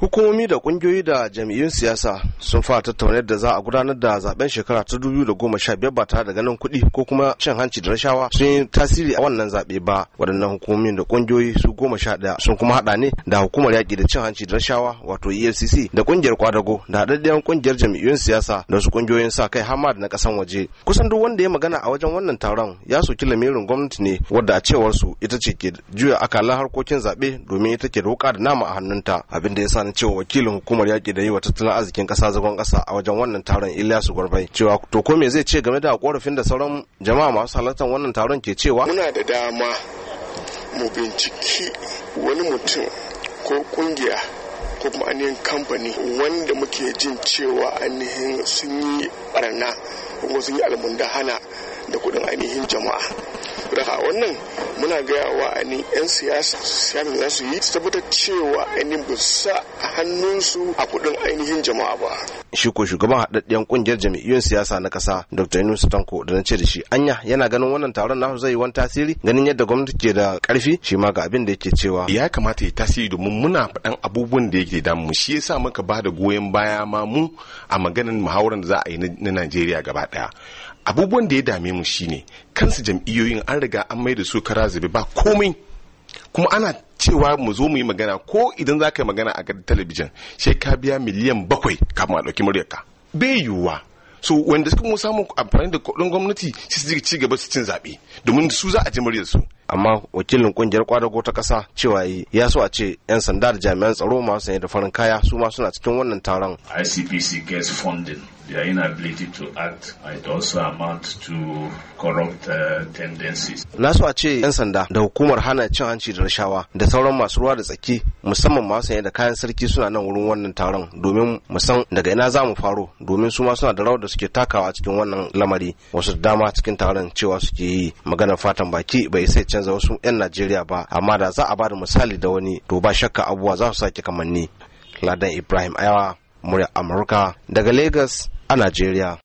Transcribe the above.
hukumomi da kungiyoyi da jam'iyyun siyasa sun fara tattauna da za a gudanar da zaben shekara ta biyar ba tare da ganin kuɗi ko kuma cin hanci da rashawa sun yi tasiri a wannan zaɓe ba waɗannan hukumomi da kungiyoyi su goma sha ɗaya sun kuma haɗa ne da hukumar yaƙi da cin hanci da rashawa wato efcc da kungiyar kwadago da haɗaɗɗiyar kungiyar jam'iyyun siyasa da su kungiyoyin sa kai hamad na ƙasan waje kusan duk wanda ya magana a wajen wannan taron ya soki lamirin gwamnati ne wadda a cewar su ita ce ke juya akalan harkokin zaɓe domin ita ke da wuƙa da nama a hannunta abin da ya sa an cewa wakilin hukumar yaƙi da yi wa tattalin arzikin ƙasa zagon ƙasa a wajen wannan taron Ilyasu Gwarbai cewa to ko me zai ce game da korafin da sauran jama'a masu halartar wannan taron ke cewa muna da dama mu binciki wani mutum ko kungiya ko kuma ainihin kamfani wanda muke jin cewa ainihin sun yi barna ko sun yi almundahana da kuɗin ainihin jama'a da wannan muna gaya wa ani 'yan siyasa za su yi su tabbatar cewa ani ba sa a hannunsu a kudin ainihin jama'a ba shi ko shugaban haɗaɗɗen ƙungiyar jami'iyyun siyasa na ƙasa dr yunus tanko da na ce da shi anya yana ganin wannan taron nasu zai yi wani tasiri ganin yadda gwamnati ke da ƙarfi shi ma ga abin da yake cewa ya kamata ya tasiri domin muna faɗan abubuwan da yake da mu shi yasa muka ba da goyon baya ma mu a maganin muhawarar da za a yi na najeriya gaba ɗaya abubuwan da ya dame mu shine kansu jam'iyyoyin an riga an mai da su kara zube ba komai kuma ana cewa mu zo mu yi magana ko idan za ka yi magana a gadar talabijin sai ka biya miliyan bakwai kafin a ɗauki muryarka bai yiwuwa so wanda suka mu samu amfani da kuɗin gwamnati su su ci gaba su cin zaɓe domin su za a ji muryar su amma wakilin kungiyar kwadago ta kasa cewa ya so a ce 'yan sanda da jami'an tsaro masu sanye da farin kaya su ma suna cikin wannan taron ICPC gets funding their inability to act it also amount to corrupt uh, tendencies. Na so a ce 'yan sanda da hukumar hana cin hanci da rashawa da sauran masu ruwa da tsaki musamman masu sanye da kayan sarki suna nan wurin wannan taron domin mu san daga ina za mu faro domin su ma suna da rawar da suke takawa cikin wannan lamari wasu dama cikin taron cewa suke yi maganar fatan baki bai sai canza wasu 'yan Najeriya ba amma da za a bada misali da wani to ba shakka abubuwa za su sake kamanni. Ladan Ibrahim Ayawa, murya Amurka daga Lagos. a Najeriya.